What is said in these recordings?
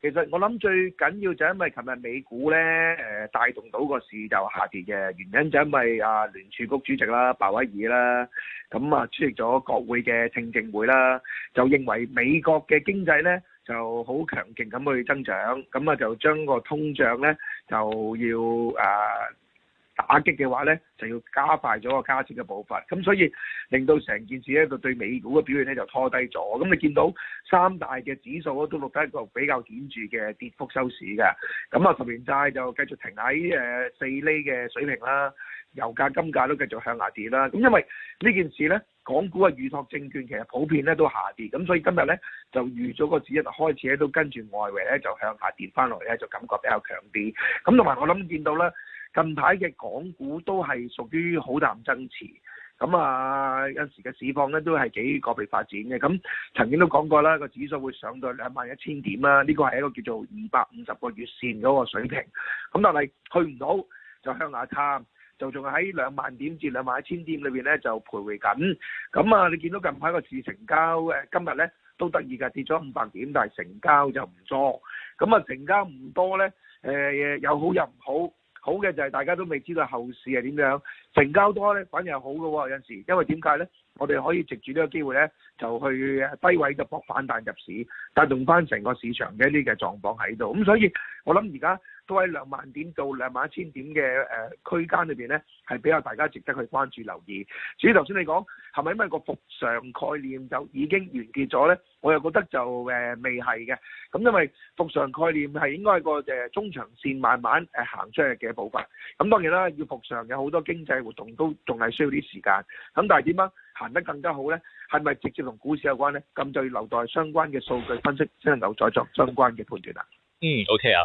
其實我諗最緊要就因為琴日美股咧誒，帶動到個市就下跌嘅原因就因為啊聯儲局主席啦鮑威爾啦，咁啊出席咗國會嘅聽證會啦，就認為美國嘅經濟咧就好強勁咁去增長，咁啊就將個通脹咧就要啊。呃打擊嘅話咧，就要加快咗個加息嘅步伐，咁所以令到成件事咧，個對美股嘅表現咧就拖低咗。咁你見到三大嘅指數都錄得一個比較顯著嘅跌幅收市嘅。咁啊，十年債就繼續停喺四厘嘅水平啦。油價、金價都繼續向下跌啦。咁因為呢件事咧，港股嘅預託證券其實普遍咧都下跌。咁所以今日咧就預咗個指一開始咧都跟住外圍咧就向下跌翻落嚟咧，就感覺比較強啲。咁同埋我諗見到咧。近排嘅港股都係屬於好淡爭持，咁啊有時嘅市況咧都係幾個別發展嘅。咁曾經都講過啦，個指數會上到兩萬一千點啦，呢、這個係一個叫做二百五十個月線嗰個水平。咁但係去唔到就向下探，就仲係喺兩萬點至兩萬一千點裏面咧就徘徊緊。咁啊，你見到近排個市成交誒，今日咧都得意㗎，跌咗五百點，但係成交就唔多。咁啊，成交唔多咧，誒、呃、有好又唔好。好嘅就係大家都未知道後市係點樣，成交多咧反而係好嘅喎，有時因為點解咧？我哋可以藉住呢個機會咧，就去低位嘅搏反彈入市，帶動翻成個市場嘅一啲嘅狀況喺度。咁所以我諗而家，都喺兩萬點到兩萬一千點嘅誒區間裏邊咧，係比較大家值得去關注留意。至於頭先你講係咪因為個復常概念就已經完結咗咧，我又覺得就誒、呃、未係嘅。咁、嗯、因為復常概念係應該係個誒、呃、中長線慢慢誒、呃、行出去嘅一部分。咁、嗯、當然啦，要復常有好多經濟活動都仲係需要啲時間。咁、嗯、但係點樣行得更加好咧？係咪直接同股市有關咧？咁就要留待相關嘅數據分析，先能夠再作相關嘅判斷啦。嗯，OK 啊。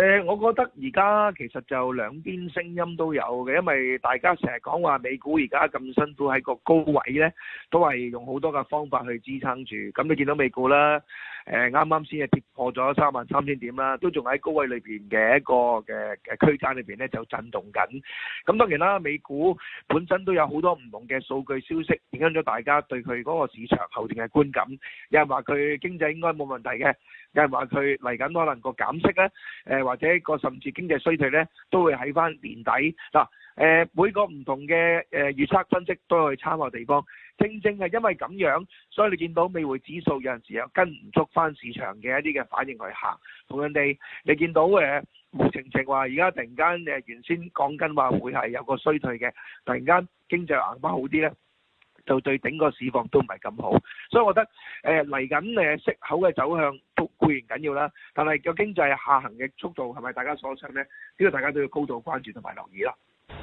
誒、呃，我覺得而家其實就兩邊聲音都有嘅，因為大家成日講話美股而家咁辛苦喺個高位呢，都係用好多嘅方法去支撐住。咁你見到美股啦，啱啱先係跌破咗三萬三千點啦，都仲喺高位裏邊嘅一個嘅嘅區間裏邊呢，就震動緊。咁當然啦，美股本身都有好多唔同嘅數據消息影響咗大家對佢嗰個市場後面嘅觀感。有人話佢經濟應該冇問題嘅。有人話佢嚟緊可能個減息咧，誒、呃、或者個甚至經濟衰退咧，都會喺翻年底嗱，誒、啊呃、每個唔同嘅誒、呃、預測分析都有佢參考地方。正正係因為咁樣，所以你見到美匯指數有陣時又跟唔足翻市場嘅一啲嘅反應去行，同人哋你見到誒，無情情話而家突然間誒原先講緊話會係有個衰退嘅，突然間經濟硬翻好啲咧。就對整個市況都唔係咁好，所以我覺得誒嚟緊誒息口嘅走向都固然緊要啦，但係個經濟下行嘅速度係咪大家所想咧？呢個大家都要高度關注同埋留意啦。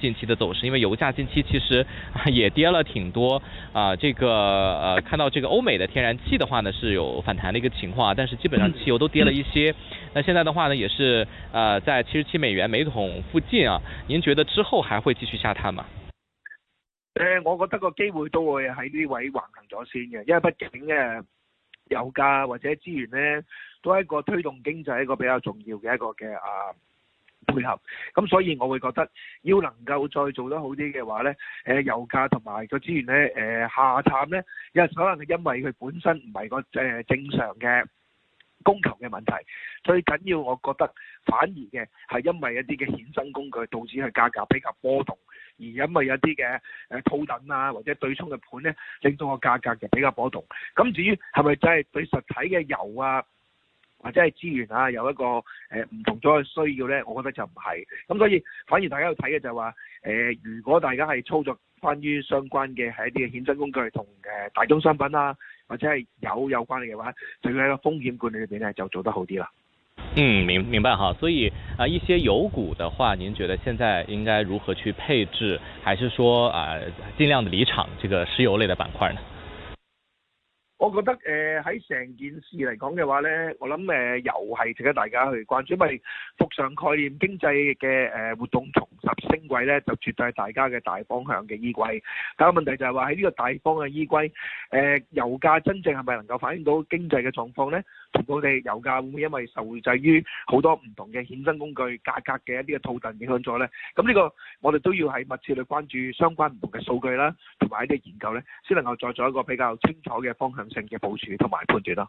近期的走勢，因為油價近期其實也跌了挺多啊、呃。這個呃，看到這個歐美的天然氣的話呢，是有反彈的一個情況，但是基本上汽油都跌了一些，嗯。那現在的話呢，也是呃在七十七美元每桶附近啊。您覺得之後還會繼續下探嗎？誒、呃，我覺得個機會都會喺呢位橫行咗先嘅，因為畢竟嘅、呃、油價或者資源呢，都係一個推動經濟一個比較重要嘅一個嘅啊。配合，咁所以我會覺得要能夠再做得好啲嘅話呢，誒油價同埋個資源呢，誒、呃、下探呢，有可能係因為佢本身唔係個誒正常嘅供求嘅問題，最緊要我覺得反而嘅係因為一啲嘅衍生工具導致佢價格比較波動，而因為一啲嘅誒套戥啊或者對沖嘅盤呢，令到個價格嘅比較波動。咁至於係咪真係對實體嘅油啊，或者係資源啊，有一個誒唔、呃、同咗嘅需要咧，我覺得就唔係，咁所以反而大家要睇嘅就係話，誒、呃、如果大家係操作關於相關嘅係一啲嘅衍生工具同誒、呃、大宗商品啦、啊，或者係有有關嘅話，就要喺個風險管理裏邊咧就做得好啲啦。嗯，明明白哈，所以啊，一些油股的話，您覺得現在應該如何去配置，還是說啊，儘量的離場這個石油類嘅板塊呢？我覺得誒喺成件事嚟講嘅話咧，我諗誒油係值得大家去關注，因為復常概念、經濟嘅誒活動重拾升軌咧，就絕對係大家嘅大方向嘅依歸。但係問題就係話喺呢個大方嘅依歸，誒油價真正係咪能夠反映到經濟嘅狀況咧？同埋我哋油價會唔會因為受制於好多唔同嘅衍生工具價格嘅一啲嘅套戥影響咗咧？咁呢個我哋都要喺密切去關注相關唔同嘅數據啦，同埋一啲研究咧，先能夠再做一個比較清楚嘅方向性嘅部署同埋判斷啦。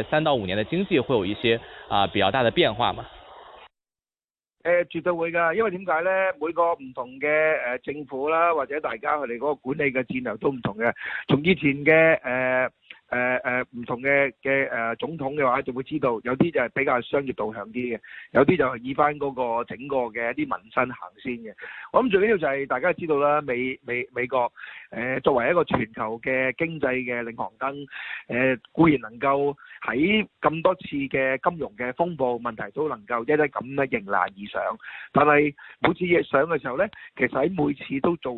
誒，三到五年的經濟會有一些啊、呃、比較大的變化嘛？誒、呃，絕對會噶，因為點解咧？每個唔同嘅誒、呃、政府啦，或者大家佢哋嗰個管理嘅戰略都唔同嘅，從之前嘅誒。呃誒誒唔同嘅嘅誒總統嘅話，就會知道有啲就係比較商業導向啲嘅，有啲就係以返嗰個整個嘅一啲民生行先嘅。我諗最緊要就係大家知道啦，美美美國誒作為一個全球嘅經濟嘅領航燈，誒固然能夠喺咁多次嘅金融嘅風暴問題都能夠一一咁咧迎難而上，但係每次上嘅時候咧，其實喺每次都做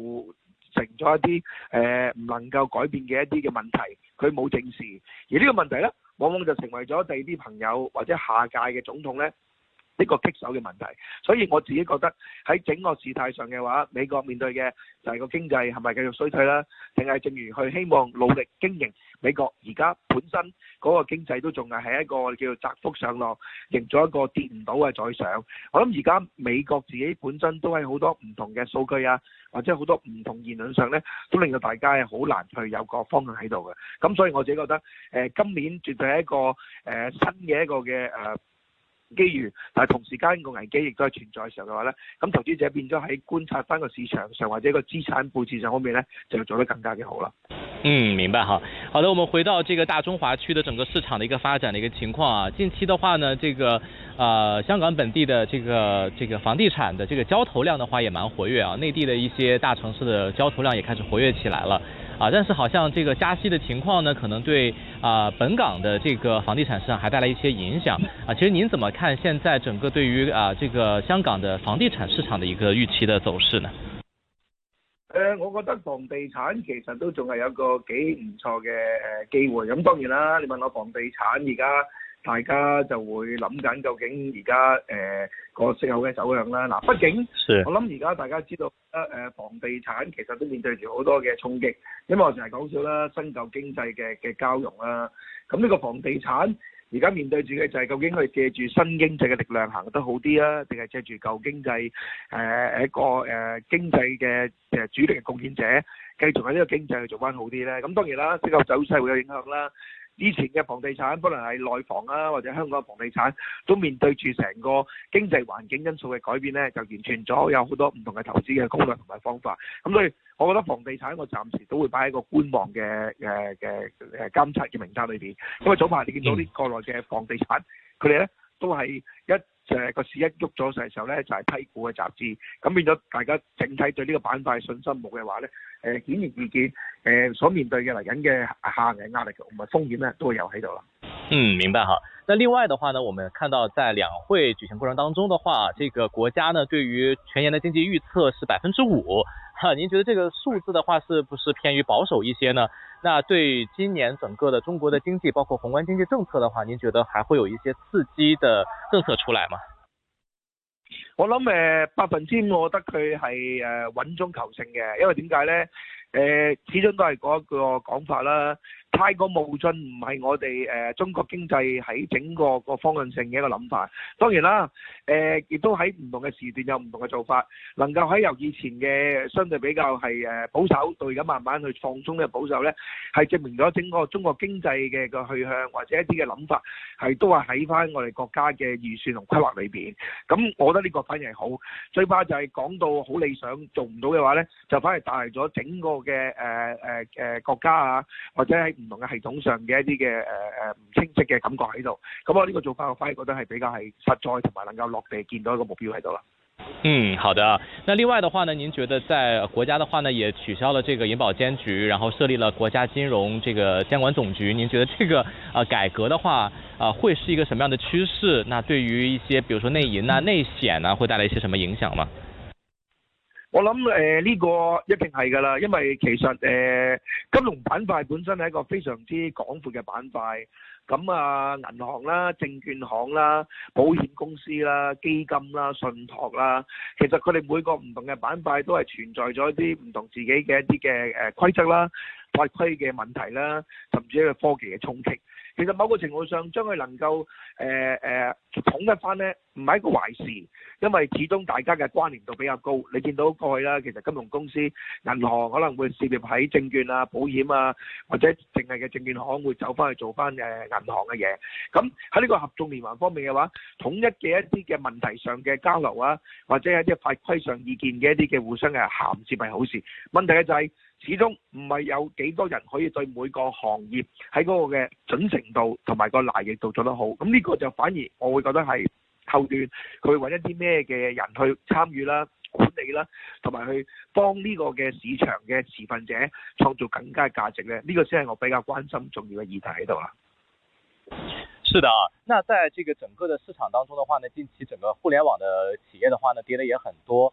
成咗一啲誒唔能夠改變嘅一啲嘅問題，佢冇正視，而呢個問題咧，往往就成為咗第二啲朋友或者下屆嘅總統咧。呢個棘手嘅問題，所以我自己覺得喺整個事態上嘅話，美國面對嘅就係個經濟係咪繼續衰退啦？定係正如佢希望努力經營美國，而家本身嗰個經濟都仲係喺一個叫做窄幅上落，營造咗一個跌唔到嘅再上。我諗而家美國自己本身都係好多唔同嘅數據啊，或者好多唔同言論上呢，都令到大家係好難去有個方向喺度嘅。咁所以我自己覺得，誒今年絕對係一個誒新嘅一個嘅誒機遇，但係同時間個危機亦都係存在嘅時候嘅話咧，咁投資者變咗喺觀察翻個市場上或者個資產配置上方面呢就做得更加嘅好啦。嗯，明白哈。好的，我們回到這個大中華區的整個市場嘅一個發展嘅一個情況啊。近期嘅話呢，這個啊、呃、香港本地的這個這個房地產的這個交投量的話也蠻活躍啊，內地的一些大城市的交投量也開始活躍起來了。啊，但是好像這個加息的情況呢，可能對啊、呃、本港的這個房地產市場還帶來一些影響啊。其實您怎麼看現在整個對於啊這個香港的房地產市場的一個預期的走勢呢？誒、呃，我覺得房地產其實都仲係有個幾唔錯嘅誒、呃、機會。咁當然啦，你問我房地產而家。大家就會諗緊究竟而家誒個息口嘅走向啦。嗱，畢竟我諗而家大家知道啦，誒房地產其實都面對住好多嘅衝擊。因為我成日講笑啦，新舊經濟嘅嘅交融啦。咁呢個房地產而家面對住嘅就係究竟佢借住新經濟嘅力量行得好啲啊，定係借住舊經濟誒一個誒經濟嘅嘅主力嘅貢獻者，繼續喺呢個經濟去做翻好啲咧？咁當然啦，息口走勢會有影響啦。以前嘅房地產，無論係內房啊，或者香港嘅房地產，都面對住成個經濟環境因素嘅改變呢，就完全咗有好多唔同嘅投資嘅工具同埋方法。咁所以，我覺得房地產我暫時都會擺喺個觀望嘅嘅嘅嘅監察嘅名單裏邊。因為早排你見到啲國內嘅房地產，佢哋呢都係一。就係個市一喐咗晒嘅時候咧，就係批股嘅雜誌，咁變咗大家整體對呢個板塊信心冇嘅話咧，誒顯而易見，誒所面對嘅嚟緊嘅下行壓力同埋風險咧，都會有喺度啦。嗯，明白嚇。那另外的話呢，我們看到在兩會舉行過程當中的話，這個國家呢對於全年的經濟預測是百分之五，哈，您覺得這個數字的話，是不是偏於保守一些呢？那對今年整個的中國的經濟，包括宏觀經濟政策的話，您覺得還會有一些刺激的政策出來嗎？我諗誒、呃、百分之五，我覺得佢係、呃、穩中求勝嘅，因為點解呢？誒、呃、始終都係嗰個講法啦。太過冒進唔係我哋誒中國經濟喺整個個方向性嘅一個諗法。當然啦，誒亦都喺唔同嘅時段有唔同嘅做法。能夠喺由以前嘅相對比較係誒保守，到而家慢慢去放鬆咧、保守咧，係證明咗整個中國經濟嘅個去向或者一啲嘅諗法係都係喺翻我哋國家嘅預算同規劃裏邊。咁我覺得呢個反而係好。最怕就係講到好理想做唔到嘅話咧，就反而帶嚟咗整個嘅誒誒誒國家啊，或者喺。唔同嘅系統上嘅一啲嘅唔清晰嘅感覺喺度，咁我呢個做法，我反而覺得係比較係實在同埋能夠落地見到一個目標喺度啦。嗯，好的。那另外的話呢，您覺得在國家的話呢，也取消了這個銀保監局，然後設立了國家金融這個監管總局，您覺得這個啊改革的話，啊，會是一個什麼樣的趨勢？那對於一些，比如說內銀啊、內險啊，會帶來一些什麼影響嗎？我諗誒呢個一定係㗎啦，因為其實誒、呃、金融板塊本身係一個非常之廣闊嘅板塊，咁、嗯、啊銀行啦、證券行啦、保險公司啦、基金啦、信託啦，其實佢哋每個唔同嘅板塊都係存在咗一啲唔同自己嘅一啲嘅誒規則啦。法規嘅問題啦，甚至一個科技嘅衝擊，其實某個程度上將佢能夠誒誒、呃、統一翻呢，唔係一個壞事，因為始終大家嘅關聯度比較高。你見到過去啦，其實金融公司、銀行可能會涉獵喺證券啊、保險啊，或者淨係嘅證券行會走翻去做翻誒銀行嘅嘢。咁喺呢個合眾連環方面嘅話，統一嘅一啲嘅問題上嘅交流啊，或者係一啲法規上意見嘅一啲嘅互相嘅銜接係好事。問題呢就係、是。始終唔係有幾多人可以對每個行業喺嗰個嘅準程度同埋個難易度做得好，咁呢個就反而我會覺得係後段去揾一啲咩嘅人去參與啦、管理啦，同埋去幫呢個嘅市場嘅持份者創造更加嘅價值咧。呢個先係我比較關心重要嘅議題喺度啦。是的啊，那在這個整個的市場當中的話呢，近期整個互聯網的企業的話呢，跌得也很多。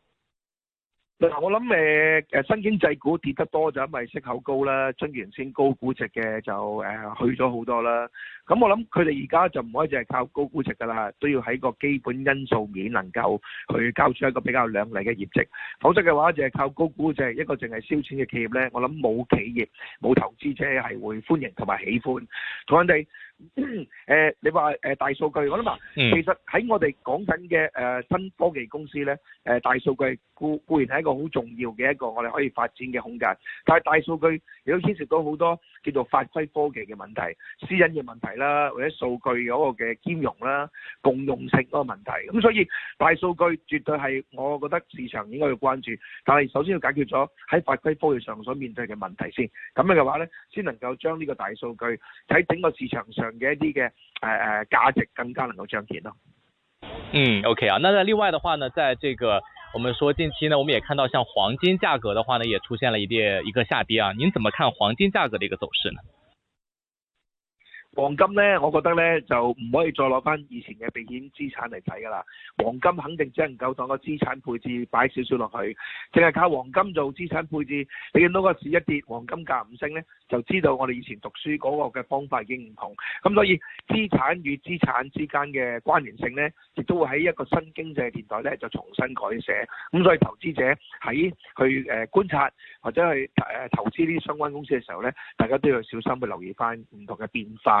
我諗誒誒，新經濟股跌得多就因為息口高啦，中原先高估值嘅就誒去咗好多啦。咁我諗佢哋而家就唔可以淨係靠高估值噶啦，都要喺個基本因素面能夠去交出一個比較亮麗嘅業績，否則嘅話就係靠高估值，一個淨係燒錢嘅企業咧，我諗冇企業冇投資者係會歡迎同埋喜歡同人哋。誒、 呃，你話誒、呃、大數據，我諗啊，其實喺我哋講緊嘅誒新科技公司咧，誒、呃、大數據固固然係一個好重要嘅一個我哋可以發展嘅空間，但係大數據亦都牽涉到好多叫做法規科技嘅問題、私隱嘅問題啦，或者數據嗰個嘅兼容啦、共用性嗰個問題，咁、嗯、所以大數據絕對係我覺得市場應該要關注，但係首先要解決咗喺法規科技上所面對嘅問題先，咁樣嘅話咧，先能夠將呢個大數據喺整個市場上。一啲嘅誒誒價值更加能夠彰顯咯。嗯，OK 啊，那在另外的話呢，在這個，我們說近期呢，我們也看到像黃金價格的話呢，也出現了一列一個下跌啊。您怎麼看黃金價格的一個走勢呢？黃金呢，我覺得呢就唔可以再攞翻以前嘅避險資產嚟睇㗎啦。黃金肯定只能夠當個資產配置擺少少落去，淨係靠黃金做資產配置。你見到個市一跌，黃金價唔升呢，就知道我哋以前讀書嗰個嘅方法已經唔同。咁所以資產與資產之間嘅關聯性呢，亦都會喺一個新經濟年代呢就重新改寫。咁所以投資者喺去誒觀察或者去誒投資呢啲相關公司嘅時候呢，大家都要小心去留意翻唔同嘅變化。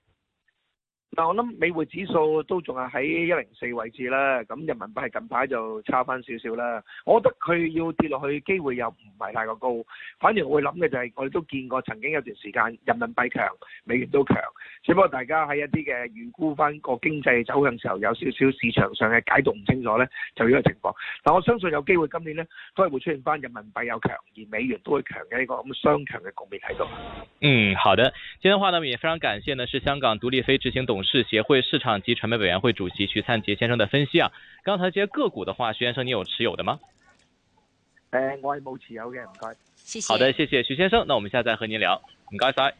但我諗美匯指數都仲係喺一零四位置啦，咁人民幣係近排就差翻少少啦。我覺得佢要跌落去機會又唔係太過高，反而我會諗嘅就係、是、我哋都見過曾經有段時間人民幣強，美元都強，只不過大家喺一啲嘅預估翻個經濟走向時候有少少市場上嘅解讀唔清楚呢，就呢個情況。但我相信有機會今年呢，都係會出現翻人民幣又強而美元都會強嘅呢個咁雙強嘅局面喺度。嗯，好的，今天話呢，我們也非常感謝呢，是香港獨立非執行董事。是協會市場及傳媒委員會主席徐燦傑先生的分析啊。剛才這些個股的話，徐先生，你有持有的嗎？誒、呃，我冇持有嘅，唔該。謝謝。好的，謝謝徐先生。那我們現在再和您聊，唔該晒。